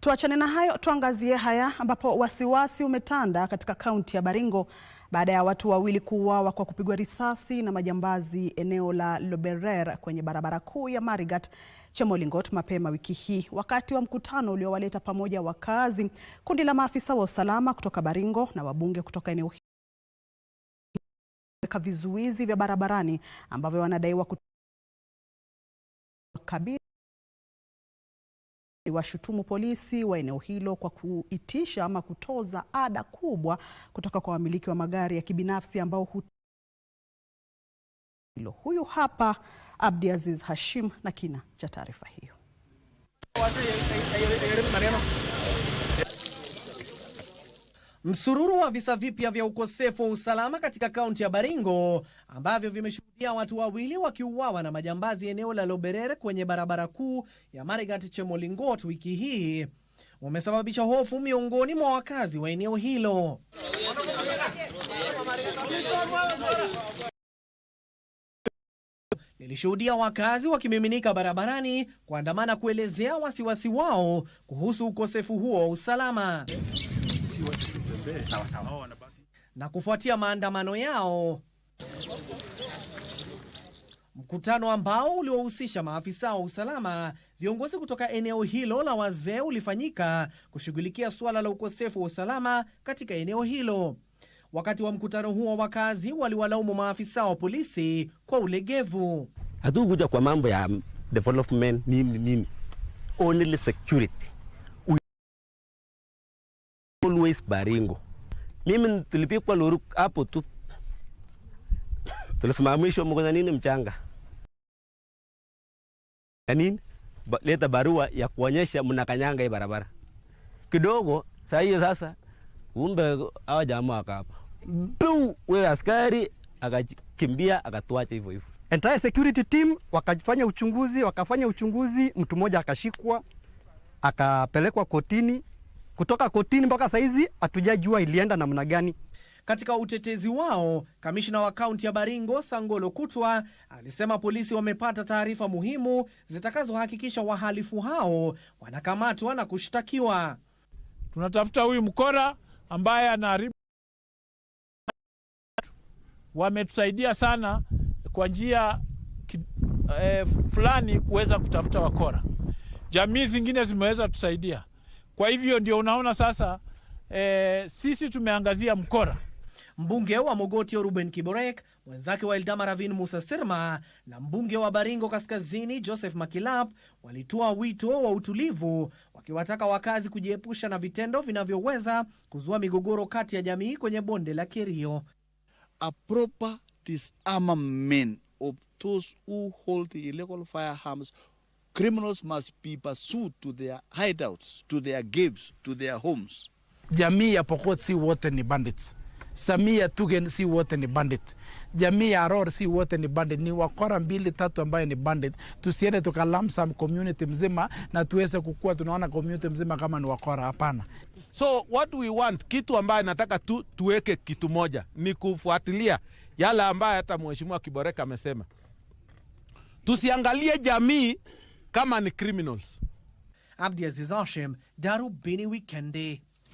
Tuachane na hayo, tuangazie haya ambapo wasiwasi umetanda katika kaunti ya Baringo baada ya watu wawili kuuawa kwa kupigwa risasi na majambazi eneo la Loberer kwenye barabara kuu ya Marigat Chemolingot mapema wiki hii. Wakati wa mkutano uliowaleta pamoja wakazi, kundi la maafisa wa usalama kutoka Baringo na wabunge kutoka eneo hili wameweka vizuizi vya barabarani ambavyo wanadaiwa kukabili washutumu polisi wa eneo hilo kwa kuitisha ama kutoza ada kubwa kutoka kwa wamiliki wa magari ya kibinafsi ambao hilo. huyu hapa Abdiaziz Hashim na kina cha taarifa hiyo. Msururu wa visa vipya vya ukosefu wa usalama katika kaunti ya Baringo ambavyo vimeshuhudia watu wawili wakiuawa na majambazi eneo la Loberere kwenye barabara kuu ya Marigat Chemolingot wiki hii umesababisha hofu miongoni mwa wakazi wa eneo hilo. Lilishuhudia wakazi wakimiminika barabarani kuandamana kuelezea wasiwasi wao kuhusu ukosefu huo wa usalama sawa sawa. Na kufuatia maandamano yao, mkutano ambao uliwahusisha maafisa wa usalama, viongozi kutoka eneo hilo la wazee ulifanyika kushughulikia suala la ukosefu wa usalama katika eneo hilo. Wakati wa mkutano huo, wakazi waliwalaumu maafisa wa polisi kwa ulegevu. Hatukuja kwa mambo ya development nini nini, only security Louis Baringo. Mimi tulipikwa luru hapo tu, mwisho mkonya nini mchanga Yaani leta barua ya kuonyesha mnakanyanga hii barabara kidogo. Saa hiyo sasa, umbe hawa jamaa wakapa bu, wewe askari akakimbia akatuacha hivyo hivyo. Entire security team wakafanya uchunguzi, wakafanya uchunguzi, mtu mmoja akashikwa akapelekwa kotini kutoka kotini mpaka saizi hatujajua ilienda namna gani. Katika utetezi wao, kamishna wa kaunti ya Baringo Sangolo Kutwa alisema polisi wamepata taarifa muhimu zitakazohakikisha wahalifu hao wanakamatwa na kushtakiwa. Tunatafuta huyu mkora ambaye anaharibu. Wametusaidia sana kwa njia eh, fulani kuweza kutafuta wakora. Jamii zingine zimeweza tusaidia kwa hivyo ndio unaona sasa e, sisi tumeangazia mkora. Mbunge wa Mogotio Ruben Kiborek, mwenzake wa Eldama Ravin Musa Serma na mbunge wa Baringo Kaskazini Joseph Makilap walitoa wito wa utulivu, wakiwataka wakazi kujiepusha na vitendo vinavyoweza kuzua migogoro kati ya jamii kwenye bonde la Kerio. A proper disarmament of those who hold the illegal firearms Criminals must be pursued to their hideouts, to their caves, to their homes. Jamii ya Pokot si wote ni bandits. Samia Tugen si wote ni bandit. Jamii ya Aror si wote ni bandit. Ni wakora mbili tatu ambaye ni bandit. Tusiende tukalamsam community mzima na tuweze kukua tunaona community mzima kama ni wakora, hapana. So what we want, kitu ambaye nataka tu, tuweke kitu moja ni kufuatilia yale ambaye hata mheshimiwa Kiboreka amesema, tusiangalie jamii kama ni criminals. Abdi Aziz Hashim, Darubini Wikendi.